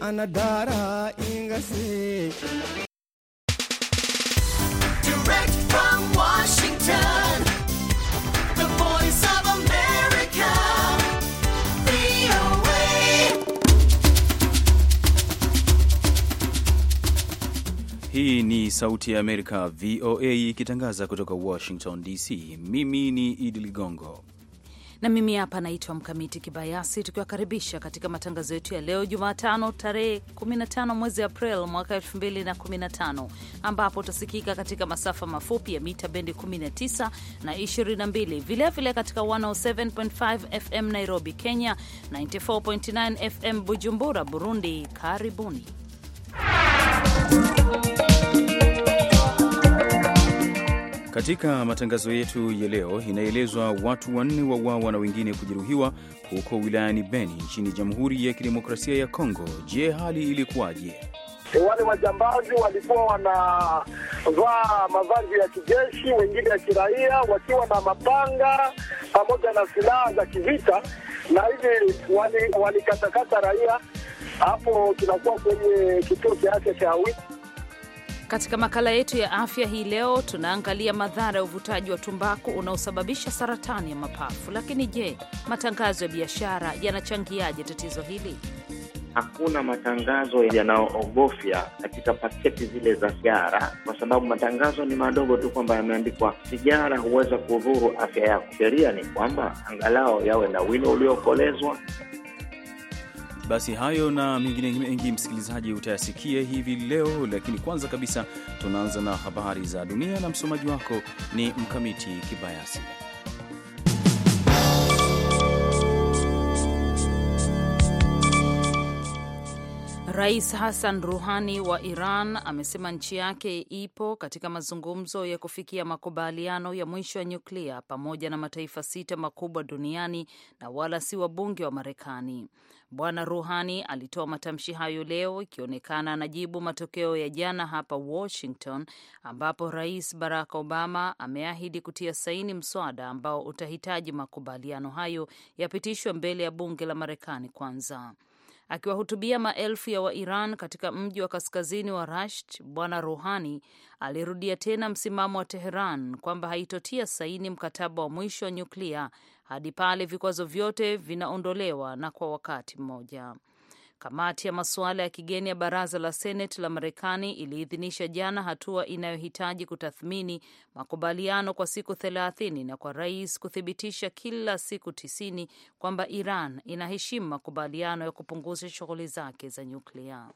Anadara ingase. Direct from Washington, the voice of America, VOA. Hii ni sauti ya Amerika, VOA, ikitangaza kutoka Washington DC. Mimi ni Idi Ligongo na mimi hapa naitwa Mkamiti Kibayasi, tukiwakaribisha katika matangazo yetu ya leo Jumatano tarehe 15 mwezi April mwaka 2015 ambapo utasikika katika masafa mafupi ya mita bendi 19 na 22, vilevile vile katika 107.5 FM Nairobi, Kenya, 94.9 FM Bujumbura, Burundi. Karibuni. Katika matangazo yetu ya leo, inaelezwa watu wanne wauawa na wengine kujeruhiwa huko wilayani Beni nchini Jamhuri ya Kidemokrasia ya Kongo. Je, hali ilikuwaje? E, wale wajambazi walikuwa wanavaa mavazi ya kijeshi, wengine ya kiraia, wakiwa na mapanga pamoja na silaha za kivita, na hivi walikatakata wali raia hapo, tunakuwa kwenye kituo cha afya cha Wii. Katika makala yetu ya afya hii leo tunaangalia madhara ya uvutaji wa tumbaku unaosababisha saratani ya mapafu. Lakini je, matangazo ya biashara yanachangiaje tatizo hili? Hakuna matangazo yanayoogofya katika paketi zile za sigara, kwa sababu matangazo ni madogo tu kwamba yameandikwa sigara huweza kudhuru afya yako. Sheria ni kwamba angalau yawe na wino uliokolezwa basi hayo na mengine mengi, msikilizaji, utayasikia hivi leo, lakini kwanza kabisa tunaanza na habari za dunia, na msomaji wako ni Mkamiti Kibayasi. Rais Hassan Ruhani wa Iran amesema nchi yake ipo katika mazungumzo ya kufikia makubaliano ya mwisho ya nyuklia pamoja na mataifa sita makubwa duniani na wala si wabunge wa Marekani. Bwana Ruhani alitoa matamshi hayo leo, ikionekana anajibu matokeo ya jana hapa Washington, ambapo Rais Barack Obama ameahidi kutia saini mswada ambao utahitaji makubaliano hayo yapitishwe mbele ya bunge la Marekani kwanza. Akiwahutubia maelfu ya Wairan katika mji wa kaskazini wa Rasht, Bwana Ruhani alirudia tena msimamo wa Teheran kwamba haitotia saini mkataba wa mwisho wa nyuklia hadi pale vikwazo vyote vinaondolewa na kwa wakati mmoja. Kamati ya masuala ya kigeni ya baraza la Seneti la Marekani iliidhinisha jana hatua inayohitaji kutathmini makubaliano kwa siku thelathini na kwa rais kuthibitisha kila siku tisini kwamba Iran inaheshimu makubaliano ya kupunguza shughuli zake za nyuklia.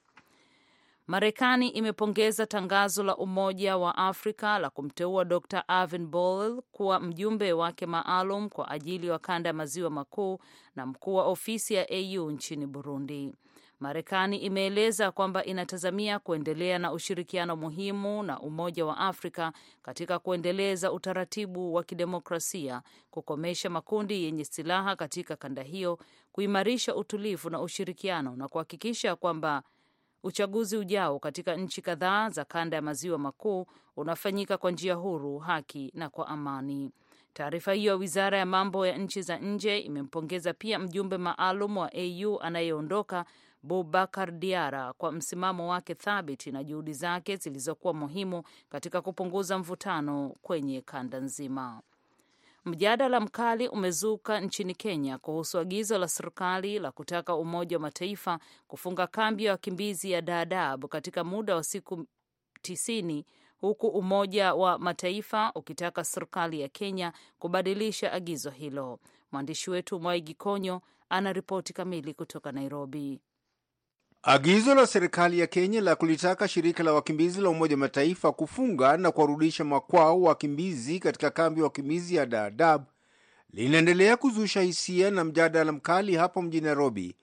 Marekani imepongeza tangazo la Umoja wa Afrika la kumteua Dr Avin Boll kuwa mjumbe wake maalum kwa ajili wa kanda ya maziwa makuu na mkuu wa ofisi ya AU nchini Burundi. Marekani imeeleza kwamba inatazamia kuendelea na ushirikiano muhimu na Umoja wa Afrika katika kuendeleza utaratibu wa kidemokrasia, kukomesha makundi yenye silaha katika kanda hiyo, kuimarisha utulivu na ushirikiano na kuhakikisha kwamba uchaguzi ujao katika nchi kadhaa za kanda ya maziwa makuu unafanyika kwa njia huru, haki na kwa amani. Taarifa hiyo ya wizara ya mambo ya nchi za nje imempongeza pia mjumbe maalum wa AU anayeondoka Bubakar Diara kwa msimamo wake thabiti na juhudi zake zilizokuwa muhimu katika kupunguza mvutano kwenye kanda nzima. Mjadala mkali umezuka nchini Kenya kuhusu agizo la serikali la kutaka Umoja wa Mataifa kufunga kambi ya wakimbizi ya Dadaab katika muda wa siku tisini huku Umoja wa Mataifa ukitaka serikali ya Kenya kubadilisha agizo hilo. Mwandishi wetu Mwaigi Konyo ana ripoti kamili kutoka Nairobi. Agizo la serikali ya Kenya la kulitaka shirika la wakimbizi la Umoja wa Mataifa kufunga na kuwarudisha makwao wakimbizi katika kambi ya wakimbizi ya Dadaab linaendelea kuzusha hisia na mjadala mkali hapo mjini Nairobi,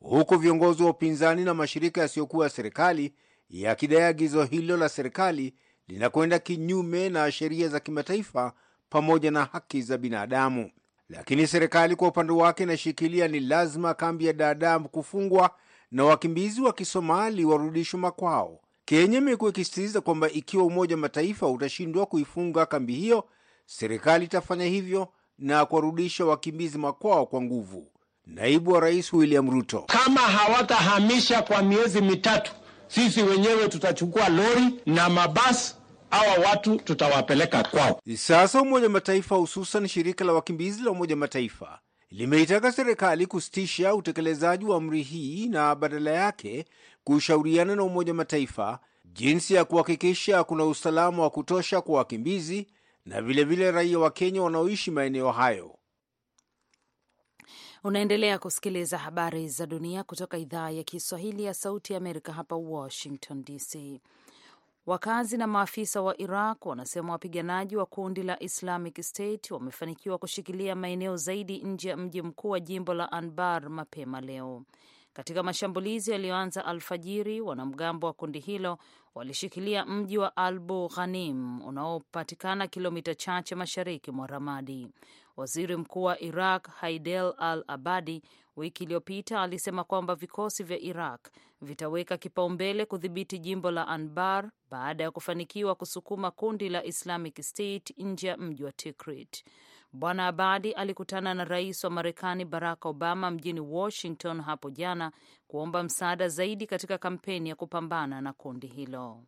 huku viongozi wa upinzani na mashirika yasiyokuwa ya serikali yakidai agizo hilo la serikali linakwenda kinyume na sheria za kimataifa pamoja na haki za binadamu. Lakini serikali kwa upande wake inashikilia ni lazima kambi ya Dadaab kufungwa na wakimbizi wa Kisomali warudishwe makwao. Kenya imekuwa ikisisitiza kwamba ikiwa Umoja wa Mataifa utashindwa kuifunga kambi hiyo, serikali itafanya hivyo na kuwarudisha wakimbizi makwao kwa nguvu. Naibu wa Rais William Ruto: kama hawatahamisha kwa miezi mitatu, sisi wenyewe tutachukua lori na mabasi hawa watu tutawapeleka kwao. Sasa Umoja wa Mataifa, hususan shirika la wakimbizi la Umoja wa Mataifa limeitaka serikali kusitisha utekelezaji wa amri hii na badala yake kushauriana na Umoja Mataifa jinsi ya kuhakikisha kuna usalama wa kutosha kwa wakimbizi na vilevile raia wa Kenya wanaoishi maeneo hayo. Unaendelea kusikiliza habari za dunia kutoka idhaa ya Kiswahili ya Sauti ya Amerika hapa Washington DC. Wakazi na maafisa wa Iraq wanasema wapiganaji wa kundi la Islamic State wamefanikiwa kushikilia maeneo zaidi nje ya mji mkuu wa jimbo la Anbar mapema leo. Katika mashambulizi yaliyoanza alfajiri, wanamgambo wa kundi hilo walishikilia mji wa Albu Ghanim unaopatikana kilomita chache mashariki mwa Ramadi. Waziri Mkuu wa Iraq Haidel Al Abadi wiki iliyopita alisema kwamba vikosi vya Iraq vitaweka kipaumbele kudhibiti jimbo la Anbar baada ya kufanikiwa kusukuma kundi la Islamic State nje ya mji wa Tikrit. Bwana Abadi alikutana na rais wa Marekani Barack Obama mjini Washington hapo jana kuomba msaada zaidi katika kampeni ya kupambana na kundi hilo.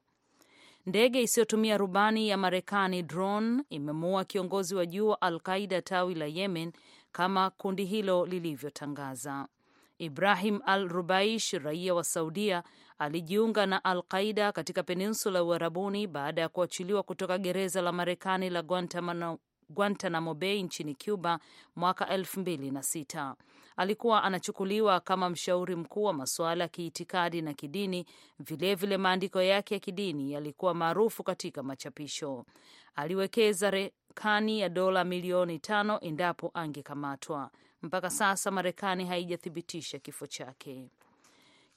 Ndege isiyotumia rubani ya Marekani drone imemuua kiongozi wa juu wa Al Qaida tawi la Yemen kama kundi hilo lilivyotangaza. Ibrahim Al Rubaish, raia wa Saudia, alijiunga na Al Qaida katika peninsula ya Uarabuni baada ya kuachiliwa kutoka gereza la Marekani la Guantanamo, Guantanamo Bay nchini Cuba mwaka sita. Alikuwa anachukuliwa kama mshauri mkuu wa masuala ya kiitikadi na kidini. Vilevile, maandiko yake ya kidini yalikuwa maarufu katika machapisho. Aliwekeza Marekani ya dola milioni tano endapo angekamatwa. Mpaka sasa Marekani haijathibitisha kifo chake.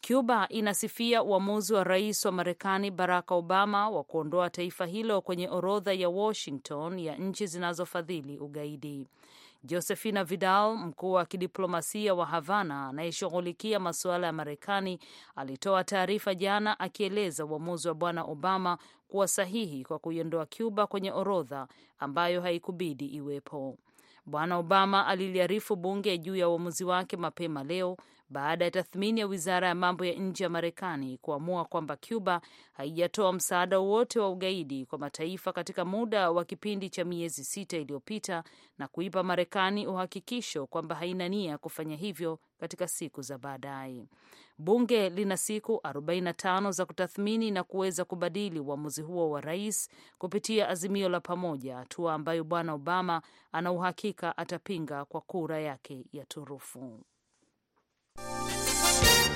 Cuba inasifia uamuzi wa rais wa Marekani Barack Obama wa kuondoa taifa hilo kwenye orodha ya Washington ya nchi zinazofadhili ugaidi. Josefina Vidal, mkuu wa kidiplomasia wa Havana anayeshughulikia masuala ya Marekani, alitoa taarifa jana akieleza uamuzi wa Bwana Obama kuwa sahihi kwa kuiondoa Cuba kwenye orodha ambayo haikubidi iwepo. Bwana Obama aliliarifu bunge juu ya uamuzi wake mapema leo baada ya tathmini ya wizara ya mambo ya nje ya Marekani kuamua kwamba Cuba haijatoa msaada wowote wa ugaidi kwa mataifa katika muda wa kipindi cha miezi sita iliyopita na kuipa Marekani uhakikisho kwamba haina nia kufanya hivyo katika siku za baadaye. Bunge lina siku 45 za kutathmini na kuweza kubadili uamuzi huo wa rais kupitia azimio la pamoja, hatua ambayo bwana Obama ana uhakika atapinga kwa kura yake ya turufu. すいません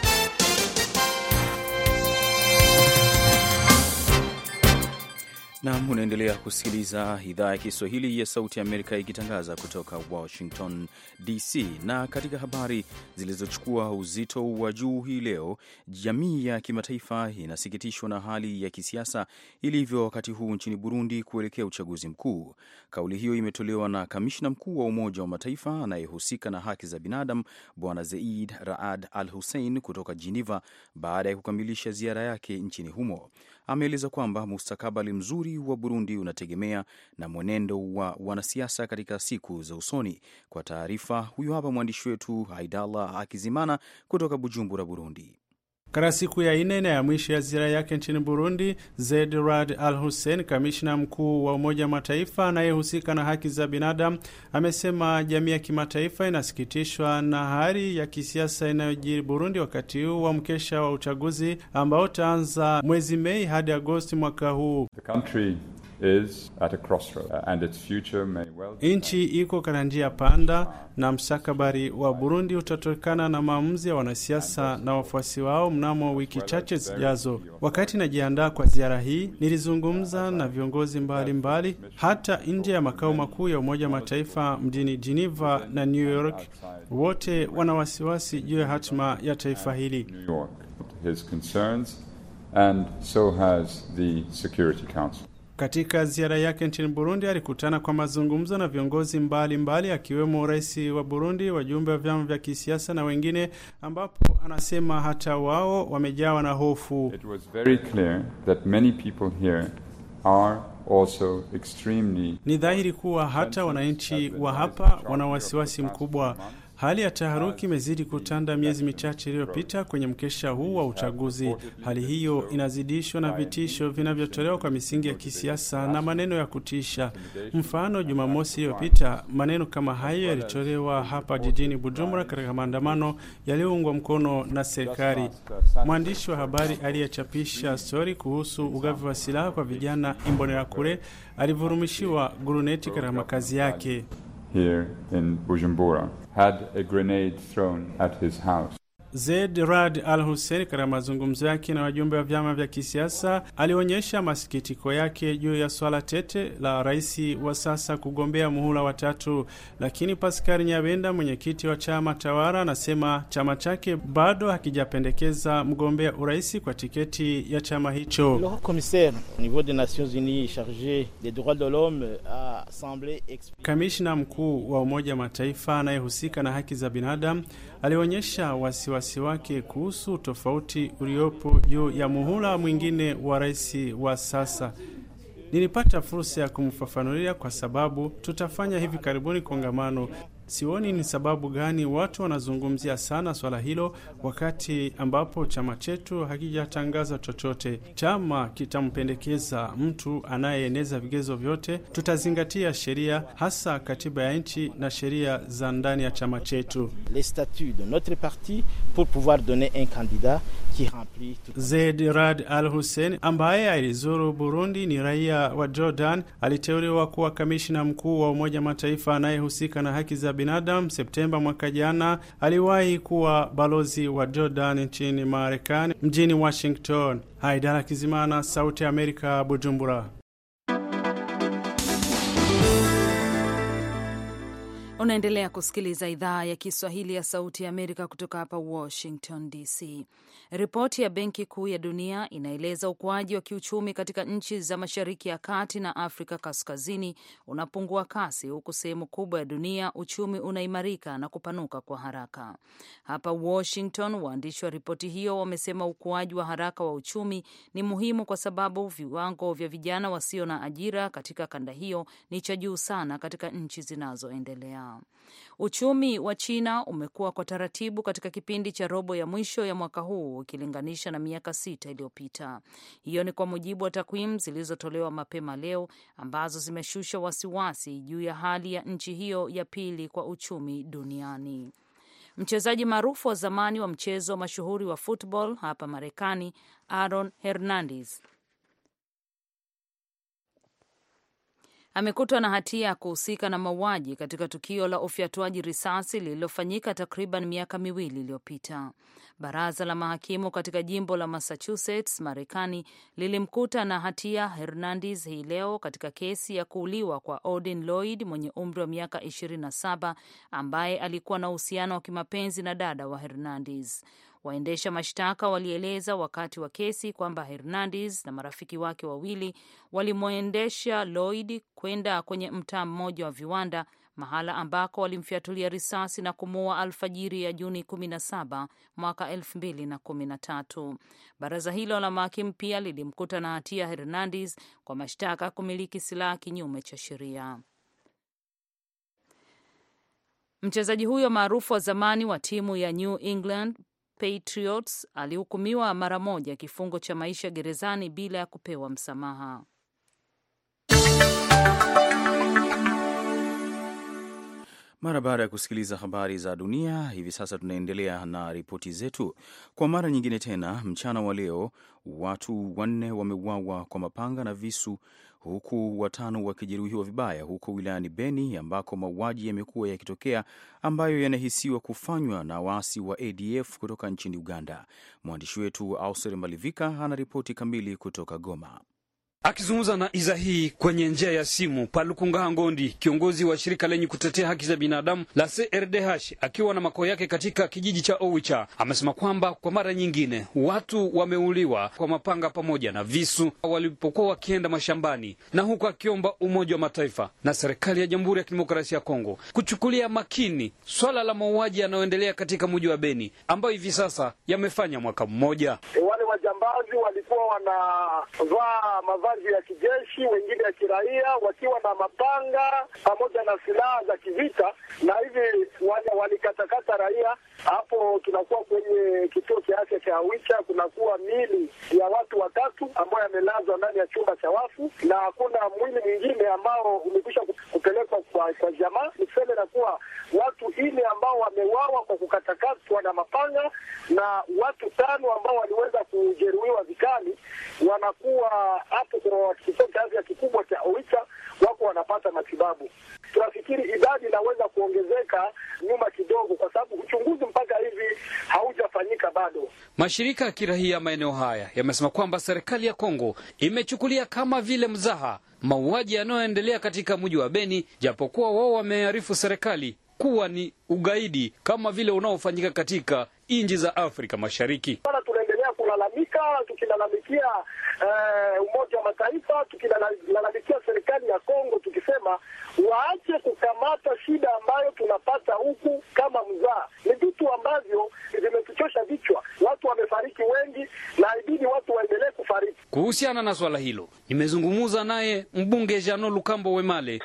Nam, unaendelea kusikiliza idhaa ya Kiswahili ya Sauti ya Amerika ikitangaza kutoka Washington DC. Na katika habari zilizochukua uzito wa juu hii leo, jamii ya kimataifa inasikitishwa na hali ya kisiasa ilivyo wakati huu nchini Burundi kuelekea uchaguzi mkuu. Kauli hiyo imetolewa na kamishna mkuu wa Umoja wa Mataifa anayehusika na haki za binadamu Bwana Zeid Raad Al Hussein kutoka Geneva baada ya kukamilisha ziara yake nchini humo ameeleza kwamba mustakabali mzuri wa Burundi unategemea na mwenendo wa wanasiasa katika siku za usoni. Kwa taarifa, huyu hapa mwandishi wetu Haidallah Akizimana kutoka Bujumbura, Burundi. Katika siku ya ine na ya mwisho ya ziara yake nchini Burundi, zedrad Al Hussein, kamishna mkuu wa Umoja wa Mataifa anayehusika na haki za binadamu, amesema jamii ya kimataifa inasikitishwa na hali ya kisiasa inayojiri Burundi wakati huu wa mkesha wa uchaguzi ambao utaanza mwezi Mei hadi Agosti mwaka huu. The country Uh, Nchi iko katika njia panda na msakabari wa Burundi utatokana na maamuzi ya wanasiasa na wafuasi wao mnamo wiki chache zijazo. Wakati najiandaa kwa ziara hii, nilizungumza na viongozi mbalimbali mbali, hata nje ya makao makuu ya Umoja wa Mataifa mjini Geneva na New York. Wote wana wasiwasi juu ya hatima ya taifa hili. and so has the Security Council. Katika ziara yake nchini Burundi alikutana kwa mazungumzo na viongozi mbalimbali akiwemo rais wa Burundi, wajumbe wa vyama vya kisiasa na wengine, ambapo anasema hata wao wamejawa na hofu. It was very clear that many people here are Also extremely... ni dhahiri kuwa hata wananchi wa hapa wana wasiwasi mkubwa. Hali ya taharuki imezidi kutanda miezi michache iliyopita kwenye mkesha huu wa uchaguzi. Hali hiyo inazidishwa na vitisho vinavyotolewa kwa misingi ya kisiasa na maneno ya kutisha. Mfano, Jumamosi iliyopita maneno kama hayo yalitolewa hapa jijini Bujumbura katika maandamano yaliyoungwa mkono na serikali. Mwandishi wa habari aliyechapisha stori kuhusu ugavi wa silaha kwa vijana Imbonerakure alivurumishiwa guruneti katika makazi yake. here in Bujumbura had a grenade thrown at his house. Zed Rad Al Hussein katika mazungumzo yake na wajumbe wa vyama vya kisiasa alionyesha masikitiko yake juu ya swala tete la rais wa sasa kugombea muhula watatu, lakini Paskari Nyabenda, mwenyekiti wa chama tawala, anasema chama chake bado hakijapendekeza mgombea urais kwa tiketi ya chama hicho. Kamishna mkuu wa Umoja Mataifa anayehusika na haki za binadamu alionyesha wasiwasi wake kuhusu tofauti uliopo juu ya muhula mwingine wa rais wa sasa. Nilipata fursa ya kumfafanulia kwa sababu tutafanya hivi karibuni kongamano Sioni ni sababu gani watu wanazungumzia sana swala hilo wakati ambapo chama chetu hakijatangaza chochote. Chama kitampendekeza mtu anayeeneza vigezo vyote. Tutazingatia sheria, hasa katiba ya nchi na sheria za ndani ya chama chetu. Zedrad Al Hussein ambaye alizuru Burundi ni raia wa Jordan, aliteuliwa kuwa kamishina mkuu wa Umoja Mataifa anayehusika na haki za binadamu Septemba mwaka jana, aliwahi kuwa balozi wa Jordan nchini Marekani, mjini Washington. Haidara Kizimana, Sauti ya Amerika, Bujumbura. Unaendelea kusikiliza idhaa ya Kiswahili ya Sauti ya Amerika kutoka hapa Washington DC. Ripoti ya Benki Kuu ya Dunia inaeleza ukuaji wa kiuchumi katika nchi za Mashariki ya Kati na Afrika Kaskazini unapungua kasi, huku sehemu kubwa ya dunia uchumi unaimarika na kupanuka kwa haraka. Hapa Washington, waandishi wa ripoti hiyo wamesema ukuaji wa haraka wa uchumi ni muhimu kwa sababu viwango vya vijana wasio na ajira katika kanda hiyo ni cha juu sana katika nchi zinazoendelea. Uchumi wa China umekuwa kwa taratibu katika kipindi cha robo ya mwisho ya mwaka huu ukilinganisha na miaka sita iliyopita. Hiyo ni kwa mujibu wa takwimu zilizotolewa mapema leo ambazo zimeshusha wasiwasi juu ya hali ya nchi hiyo ya pili kwa uchumi duniani. Mchezaji maarufu wa zamani wa mchezo mashuhuri wa football hapa Marekani, Aaron Hernandez amekutwa na hatia ya kuhusika na mauaji katika tukio la ufyatuaji risasi lililofanyika takriban miaka miwili iliyopita. Baraza la mahakimu katika jimbo la Massachusetts, Marekani, lilimkuta na hatia Hernandez hii leo katika kesi ya kuuliwa kwa Odin Lloyd mwenye umri wa miaka 27 ambaye alikuwa na uhusiano wa kimapenzi na dada wa Hernandez. Waendesha mashtaka walieleza wakati wa kesi kwamba Hernandez na marafiki wake wawili walimwendesha Lloyd kwenda kwenye mtaa mmoja wa viwanda, mahala ambako walimfyatulia risasi na kumuua alfajiri ya Juni 17 mwaka 2013. Baraza hilo la mahakimu pia lilimkuta na hatia Hernandez kwa mashtaka kumiliki silaha kinyume cha sheria. Mchezaji huyo maarufu wa zamani wa timu ya New England Patriots alihukumiwa mara moja kifungo cha maisha gerezani bila ya kupewa msamaha. Mara baada ya kusikiliza habari za dunia, hivi sasa tunaendelea na ripoti zetu. Kwa mara nyingine tena, mchana wa leo watu wanne wameuawa kwa mapanga na visu, huku watano wakijeruhiwa vibaya huko wilayani Beni ambako mauaji yamekuwa yakitokea ambayo yanahisiwa kufanywa na waasi wa ADF kutoka nchini Uganda. Mwandishi wetu Auser Malivika ana ripoti kamili kutoka Goma. Akizungumza na iza hii kwenye njia ya simu, Palukunga Ngondi, kiongozi wa shirika lenye kutetea haki za binadamu la CRDH akiwa na makao yake katika kijiji cha Owicha, amesema kwamba kwa mara nyingine watu wameuliwa kwa mapanga pamoja na visu walipokuwa wakienda mashambani, na huku akiomba Umoja wa Mataifa na serikali ya Jamhuri ya Kidemokrasia ya Kongo kuchukulia makini swala la mauaji yanayoendelea katika mji wa Beni ambayo hivi sasa yamefanya mwaka mmoja. wale wajambazi walikuwa wanavaa mavazi baadhi ya kijeshi, wengine ya kiraia, wakiwa na mapanga pamoja na silaha za kivita, na hivi walikatakata wali raia hapo. Tunakuwa kwenye kituo cha afya cha Awicha, kunakuwa mili ya watu watatu ambayo yamelazwa ndani ya chumba cha wafu, na hakuna mwili mwingine ambao umekwisha kupelekwa kwa, kwa jamaa. Niseme na kuwa watu ine ambao wamewawa na mapanga, na watu tano ambao waliweza kujeruhiwa vikali wanakuwa hapo kwa kituo cha afya kikubwa cha Oicha, wako wanapata matibabu. Tunafikiri idadi inaweza kuongezeka nyuma kidogo, kwa sababu uchunguzi mpaka hivi haujafanyika bado. Mashirika ya kirahia maeneo haya yamesema kwamba serikali ya Kongo imechukulia kama vile mzaha mauaji yanayoendelea katika mji wa Beni, japokuwa wao wamearifu serikali kuwa ni ugaidi kama vile unaofanyika katika nchi za Afrika Mashariki. Tunaendelea kulalamika tukilalamikia eh, Umoja wa Mataifa, tukilalamikia serikali ya Kongo tukisema waache kukamata shida ambayo tunapata huku kama mzaa. Ni vitu ambavyo vimetuchosha vichwa, watu wamefariki wengi na ibidi watu waendelee kufariki. Kuhusiana na swala hilo nimezungumza naye mbunge Jano Lukambo Wemale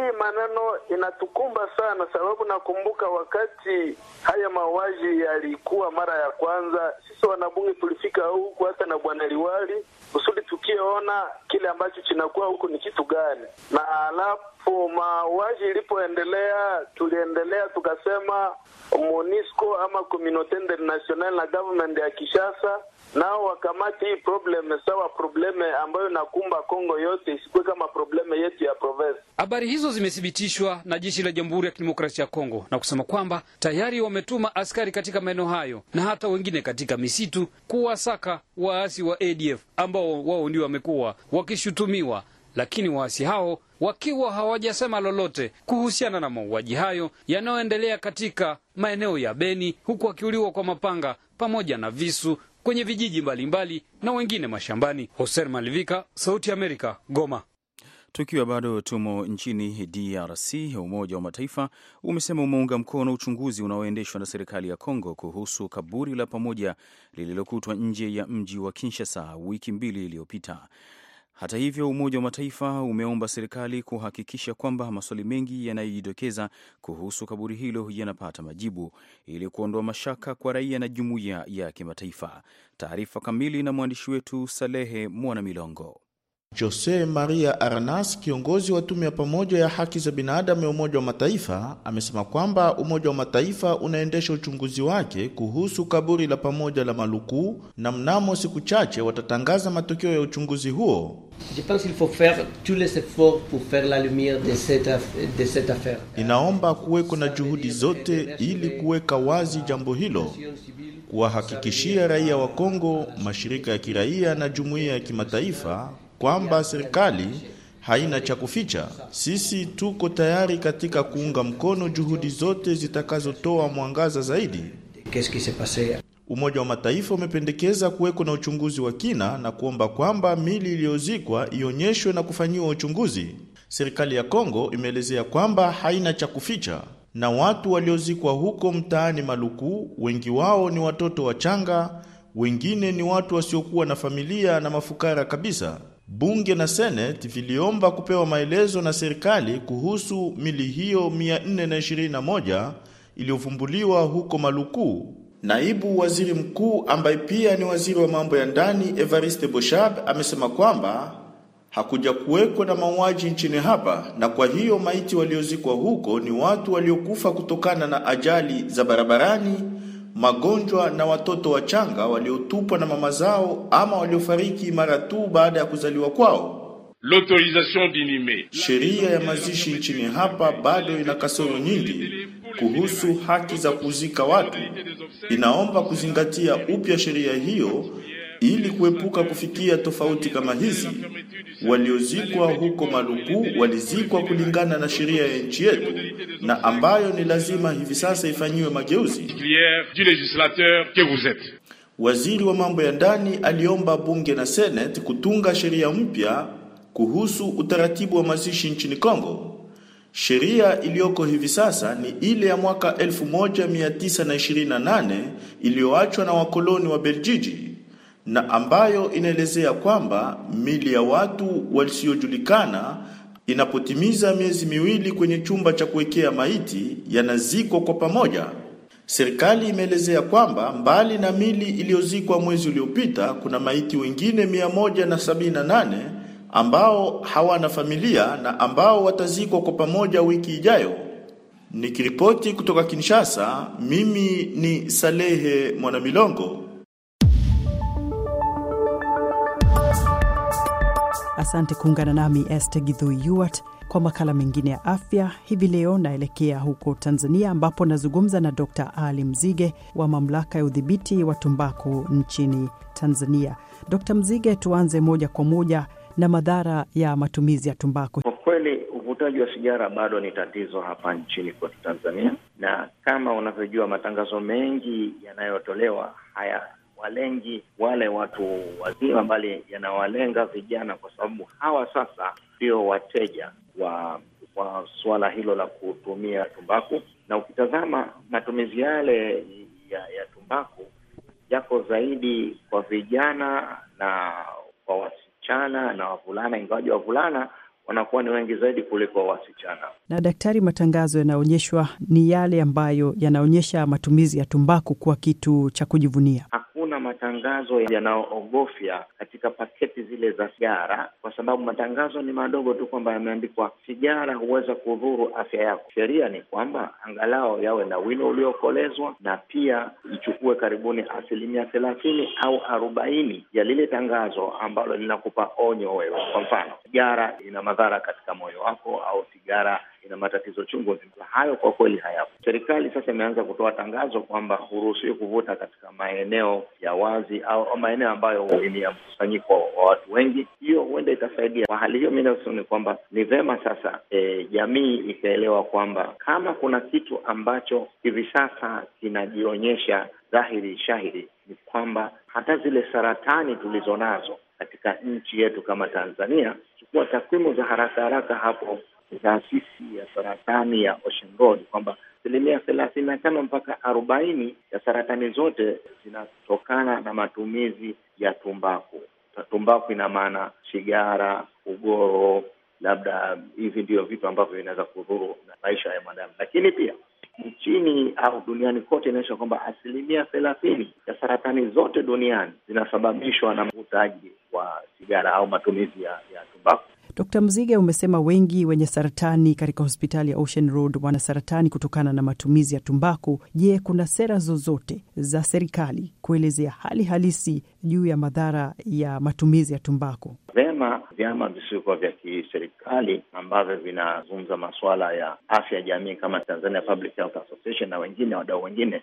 hii maneno inatukumba sana, sababu nakumbuka wakati haya mauaji yalikuwa mara ya kwanza, sisi wanabunge tulifika huku hata na bwana Liwali kusudi tukiona kile ambacho chinakuwa huku ni kitu gani, na alafu mauaji ilipoendelea, tuliendelea tukasema MONUSCO ama Communaute Internationale na government ya Kishasa nao wakamati hii probleme sawa probleme ambayo nakumba Kongo yote isikuwe kama probleme yetu ya province. Habari hizo zimethibitishwa na jeshi la Jamhuri ya Kidemokrasia ya Kongo na kusema kwamba tayari wametuma askari katika maeneo hayo na hata wengine katika misitu kuwasaka waasi wa ADF ambao wao ndio wamekuwa wakishutumiwa, lakini waasi hao wakiwa hawajasema lolote kuhusiana na mauaji hayo yanayoendelea katika maeneo ya Beni, huku wakiuliwa kwa mapanga pamoja na visu kwenye vijiji mbalimbali mbali, na wengine mashambani. hoser Malivika, Sauti ya Amerika, Goma. Tukiwa bado tumo nchini DRC, Umoja wa Mataifa umesema umeunga mkono uchunguzi unaoendeshwa na serikali ya Kongo kuhusu kaburi la pamoja lililokutwa nje ya mji wa Kinshasa wiki mbili iliyopita. Hata hivyo, Umoja wa Mataifa umeomba serikali kuhakikisha kwamba maswali mengi yanayojitokeza kuhusu kaburi hilo yanapata majibu ili kuondoa mashaka kwa raia na jumuiya ya kimataifa. Taarifa kamili na mwandishi wetu Salehe Mwanamilongo. Jose Maria Arnas, kiongozi wa tume ya pamoja ya haki za binadamu ya Umoja wa Mataifa, amesema kwamba Umoja wa Mataifa unaendesha uchunguzi wake kuhusu kaburi la pamoja la Maluku na mnamo siku chache watatangaza matokeo ya uchunguzi huo. Inaomba kuweko na juhudi zote ili kuweka wazi jambo hilo, kuwahakikishia raia wa Kongo, mashirika ya kiraia na jumuiya ya kimataifa kwamba serikali haina cha kuficha. Sisi tuko tayari katika kuunga mkono juhudi zote zitakazotoa mwangaza zaidi. Umoja wa Mataifa umependekeza kuweko na uchunguzi wa kina na kuomba kwamba mili iliyozikwa ionyeshwe na kufanyiwa uchunguzi. Serikali ya Kongo imeelezea kwamba haina cha kuficha na watu waliozikwa huko mtaani Maluku wengi wao ni watoto wachanga, wengine ni watu wasiokuwa na familia na mafukara kabisa. Bunge na Seneti viliomba kupewa maelezo na serikali kuhusu mili hiyo 421 iliyovumbuliwa huko Maluku. Naibu Waziri Mkuu ambaye pia ni waziri wa mambo ya ndani Evariste Boshab amesema kwamba hakuja kuwekwa na mauaji nchini hapa, na kwa hiyo maiti waliozikwa huko ni watu waliokufa kutokana na ajali za barabarani magonjwa na watoto wachanga waliotupwa na mama zao ama waliofariki mara tu baada ya kuzaliwa kwao. L'autorisation d'inhumer. Sheria ya mazishi nchini hapa bado ina kasoro nyingi kuhusu haki za kuzika watu. Inaomba kuzingatia upya sheria hiyo ili kuepuka kufikia tofauti kama hizi, waliozikwa huko Maluku walizikwa kulingana na sheria ya nchi yetu na ambayo ni lazima hivi sasa ifanyiwe mageuzi. Waziri wa mambo ya ndani aliomba bunge na seneti kutunga sheria mpya kuhusu utaratibu wa mazishi nchini Kongo. Sheria iliyoko hivi sasa ni ile ya mwaka 1928 iliyoachwa na wakoloni wa Beljiji na ambayo inaelezea kwamba mili ya watu wasiojulikana inapotimiza miezi miwili kwenye chumba cha kuwekea maiti yanazikwa kwa pamoja. Serikali imeelezea kwamba mbali na mili iliyozikwa mwezi uliopita kuna maiti wengine 178 ambao hawana familia na ambao watazikwa kwa pamoja wiki ijayo. Nikiripoti kutoka Kinshasa, mimi ni Salehe Mwanamilongo. Asante kuungana nami este Gidhui Yuart kwa makala mengine ya afya. Hivi leo naelekea huko Tanzania, ambapo nazungumza na Dr Ali Mzige wa mamlaka ya udhibiti wa tumbaku nchini Tanzania. Dr Mzige, tuanze moja kwa moja na madhara ya matumizi ya tumbaku. Kwa kweli uvutaji wa sigara bado ni tatizo hapa nchini kwetu Tanzania, na kama unavyojua matangazo mengi yanayotolewa haya walengi wale watu wazima, bali yanawalenga vijana, kwa sababu hawa sasa ndio wateja wa wa suala hilo la kutumia tumbaku. Na ukitazama matumizi yale ya, ya tumbaku yako zaidi kwa vijana na kwa wasichana na wavulana, ingawaji wavulana wanakuwa ni wengi zaidi kuliko wasichana. Na daktari, matangazo yanaonyeshwa ni yale ambayo yanaonyesha matumizi ya tumbaku kuwa kitu cha kujivunia matangazo yanaogofya katika paketi zile za sigara, kwa sababu matangazo ni madogo tu kwamba yameandikwa sigara huweza kudhuru afya yako. Sheria ni kwamba angalau yawe na wino uliokolezwa na pia ichukue karibuni asilimia thelathini au arobaini ya lile tangazo ambalo linakupa onyo wewe. Kwa mfano, sigara ina madhara katika moyo wako au sigara na matatizo chungu nzima. Hayo kwa kweli hayapo. Serikali sasa imeanza kutoa tangazo kwamba huruhusiwi kuvuta katika maeneo ya wazi au maeneo ambayo ni ya mkusanyiko wa watu wengi. Hiyo huenda itasaidia kwa hali hiyo. Mi ni kwamba ni vema sasa e, jamii ikaelewa kwamba kama kuna kitu ambacho hivi sasa kinajionyesha dhahiri shahiri ni kwamba hata zile saratani tulizo nazo katika nchi yetu kama Tanzania, chukua takwimu za haraka haraka hapo taasisi ya saratani ya Ocean Road kwamba asilimia thelathini na tano mpaka arobaini ya saratani zote zinatokana na matumizi ya tumbaku. Tumbaku ina maana sigara, ugoro, labda hivi ndio vitu ambavyo vinaweza kudhuru na maisha ya mwanadamu, lakini pia nchini au duniani kote inaonyesha kwamba asilimia thelathini ya saratani zote duniani zinasababishwa na mvutaji wa sigara au matumizi ya, ya tumbaku. Dr Mzige, umesema wengi wenye saratani katika hospitali ya Ocean Road wana saratani kutokana na matumizi ya tumbaku. Je, kuna sera zozote za serikali kuelezea hali halisi juu ya madhara ya matumizi ya tumbaku? vema vyama visivyokuwa vya kiserikali ambavyo vinazungumza masuala ya afya ya jamii kama Tanzania Public Health Association na wengine wadau wengine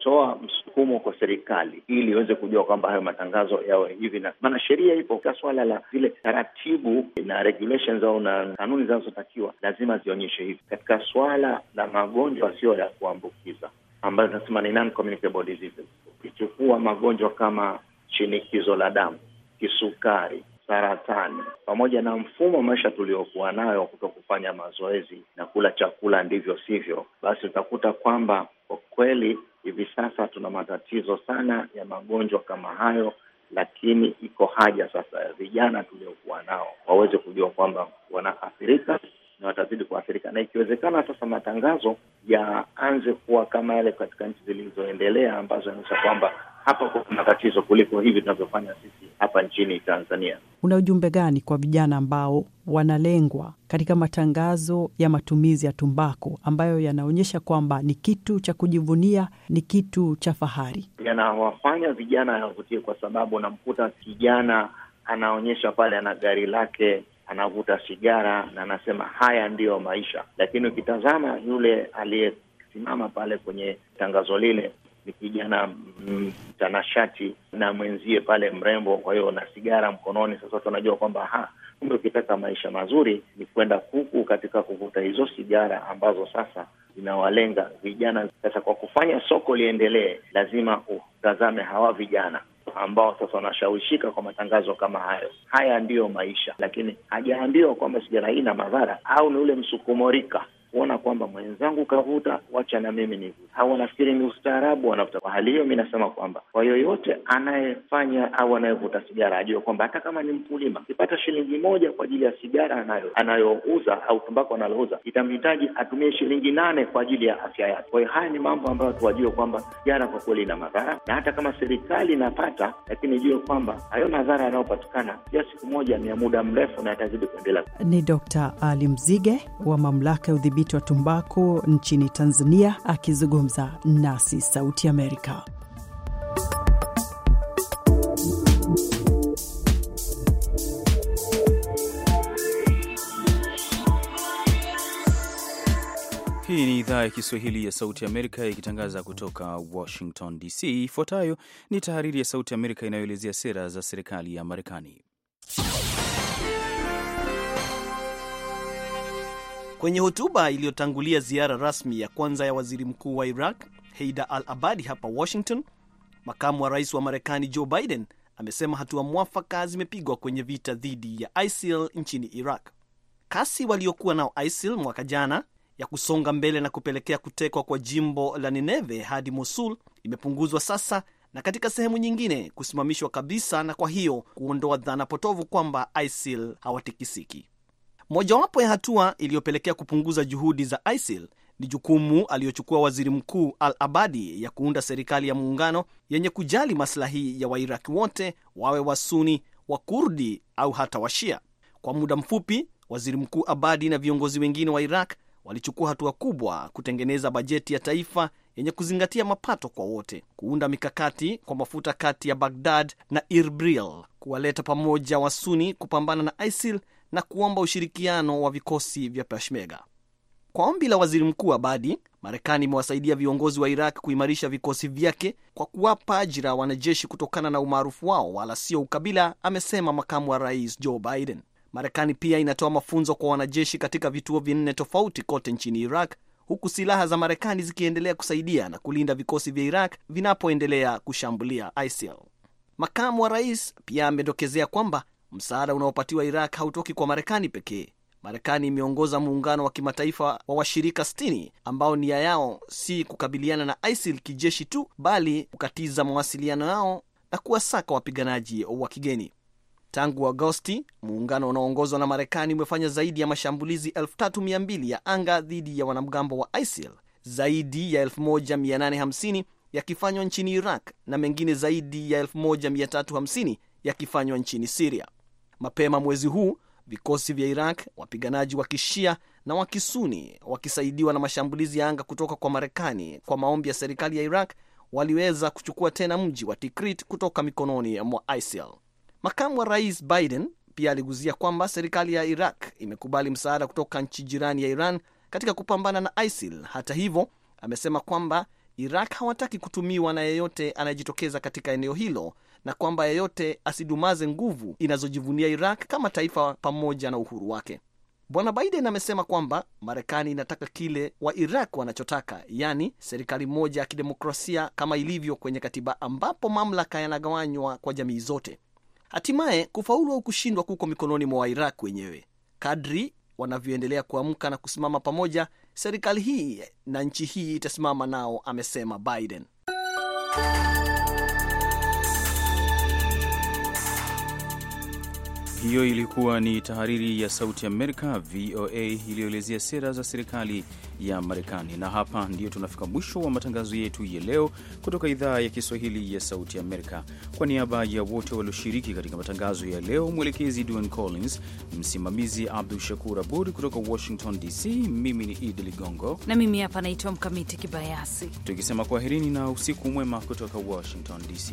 kutoa msukumo kwa serikali ili iweze kujua kwamba hayo matangazo yawe hivi, na maana sheria ipo katika swala la zile taratibu na regulations au na kanuni zinazotakiwa lazima zionyeshe hivi. Katika swala la magonjwa sio ya kuambukiza ambayo tunasema ni non-communicable diseases, ukichukua magonjwa kama shinikizo la damu, kisukari saratani pamoja na mfumo wa maisha tuliokuwa nayo kuto kufanya mazoezi na kula chakula ndivyo sivyo, basi utakuta kwamba kwa kweli hivi sasa tuna matatizo sana ya magonjwa kama hayo, lakini iko haja sasa ya vijana tuliokuwa nao waweze kujua kwamba wanaathirika na watazidi kuathirika, na ikiwezekana sasa matangazo yaanze kuwa kama yale katika nchi zilizoendelea ambazo yanaonyesha kwamba hapa kuna matatizo kuliko hivi tunavyofanya sisi hapa nchini Tanzania. Una ujumbe gani kwa vijana ambao wanalengwa katika matangazo ya matumizi ya tumbaku ambayo yanaonyesha kwamba ni kitu cha kujivunia, ni kitu cha fahari? Yanawafanya vijana yavutie, kwa sababu unamkuta kijana anaonyesha pale, ana gari lake anavuta sigara na anasema haya ndiyo maisha, lakini ukitazama yule aliyesimama pale kwenye tangazo lile ni kijana mm, mtanashati mm, na mwenzie pale mrembo, kwa hiyo na sigara mkononi. Sasa watu wanajua kwamba ha, kumbe ukitaka maisha mazuri ni kwenda kuku katika kuvuta hizo sigara ambazo sasa zinawalenga vijana. Sasa kwa kufanya soko liendelee, lazima utazame hawa vijana ambao sasa wanashawishika kwa matangazo kama hayo. Haya ndiyo maisha, lakini hajaambiwa kwamba sigara hii ina madhara au ni ule msukumorika kuona kwamba mwenzangu kavuta, wacha na mimi nivute. Hao wanafikiri ni ustaarabu, wanavuta. Kwa hali hiyo, mi nasema kwamba kwa yoyote anayefanya au anayevuta sigara ajue kwamba hata kama ni mkulima, akipata shilingi moja kwa ajili ya sigara anayo anayouza au tumbako analouza, itamhitaji atumie shilingi nane kwa ajili ya afya yake. Kwa hiyo haya ni mambo ambayo tuwajue kwamba sigara kwa kweli ina madhara, na hata kama serikali inapata, lakini ijue kwamba hayo madhara yanayopatikana pia siku moja ni ya muda mrefu na yatazidi kuendelea. Ni Dkt. Ali Mzige wa mamlaka ya udhibiti udhibiti wa tumbako nchini Tanzania, akizungumza nasi Sauti Amerika. Hii ni idhaa ya Kiswahili ya Sauti Amerika ikitangaza kutoka Washington DC. Ifuatayo ni tahariri ya Sauti Amerika inayoelezea sera za serikali ya Marekani. Kwenye hotuba iliyotangulia ziara rasmi ya kwanza ya waziri mkuu wa Iraq Haider al-Abadi hapa Washington, makamu wa rais wa Marekani Joe Biden amesema hatua mwafaka zimepigwa kwenye vita dhidi ya ISIL nchini Iraq. Kasi waliokuwa nao ISIL mwaka jana ya kusonga mbele na kupelekea kutekwa kwa jimbo la Nineve hadi Mosul imepunguzwa sasa, na katika sehemu nyingine kusimamishwa kabisa, na kwa hiyo kuondoa dhana potovu kwamba ISIL hawatikisiki. Mojawapo ya hatua iliyopelekea kupunguza juhudi za ISIL ni jukumu aliyochukua waziri mkuu Al Abadi ya kuunda serikali ya muungano yenye kujali maslahi ya Wairaki wote wawe Wasuni, Wakurdi au hata Washia. Kwa muda mfupi, waziri mkuu Abadi na viongozi wengine wa Iraq walichukua hatua kubwa kutengeneza bajeti ya taifa yenye kuzingatia mapato kwa wote, kuunda mikakati kwa mafuta kati ya Bagdad na Irbril, kuwaleta pamoja Wasuni kupambana na ISIL na kuomba ushirikiano wa vikosi vya Peshmerga. Kwa ombi la waziri mkuu Abadi, Marekani imewasaidia viongozi wa Iraq kuimarisha vikosi vyake kwa kuwapa ajira wanajeshi kutokana na umaarufu wao, wala sio ukabila, amesema makamu wa rais Joe Biden. Marekani pia inatoa mafunzo kwa wanajeshi katika vituo vinne tofauti kote nchini Iraq, huku silaha za Marekani zikiendelea kusaidia na kulinda vikosi vya Iraq vinapoendelea kushambulia ISIL. Makamu wa rais pia amedokezea kwamba Msaada unaopatiwa Iraq hautoki kwa Marekani pekee. Marekani imeongoza muungano wa kimataifa wa washirika 60 ambao nia yao si kukabiliana na ISIL kijeshi tu, bali kukatiza mawasiliano yao na kuwasaka wapiganaji wa kigeni. Tangu Agosti, muungano unaoongozwa na Marekani umefanya zaidi ya mashambulizi 3200 ya anga dhidi ya wanamgambo wa ISIL, zaidi ya 1850 yakifanywa nchini Iraq na mengine zaidi ya 1350 yakifanywa nchini Siria. Mapema mwezi huu vikosi vya Iraq, wapiganaji wa kishia na wakisuni wakisaidiwa na mashambulizi ya anga kutoka kwa Marekani kwa maombi ya serikali ya Iraq waliweza kuchukua tena mji wa Tikrit kutoka mikononi mwa ISIL. Makamu wa rais Biden pia aliguzia kwamba serikali ya Iraq imekubali msaada kutoka nchi jirani ya Iran katika kupambana na ISIL. Hata hivyo, amesema kwamba Iraq hawataki kutumiwa na yeyote anayejitokeza katika eneo hilo na kwamba yeyote asidumaze nguvu inazojivunia Iraq kama taifa pamoja na uhuru wake. Bwana Biden amesema kwamba Marekani inataka kile wa Iraq wanachotaka, yaani serikali moja ya kidemokrasia kama ilivyo kwenye katiba, ambapo mamlaka yanagawanywa kwa jamii zote. Hatimaye kufaulu au kushindwa kuko mikononi mwa Wairaq wenyewe. Kadri wanavyoendelea kuamka na kusimama pamoja, serikali hii na nchi hii itasimama nao, amesema Biden. Hiyo ilikuwa ni tahariri ya Sauti Amerika VOA iliyoelezea sera za serikali ya Marekani. Na hapa ndiyo tunafika mwisho wa matangazo yetu ya leo kutoka idhaa ya Kiswahili ya Sauti Amerika. Kwa niaba ya wote walioshiriki katika matangazo ya leo, mwelekezi Dwan Collins, msimamizi Abdu Shakur Abud kutoka Washington DC, mimi ni Idi Ligongo na mimi hapa naitwa Mkamiti Kibayasi, tukisema kwaherini na usiku mwema kutoka Washington DC.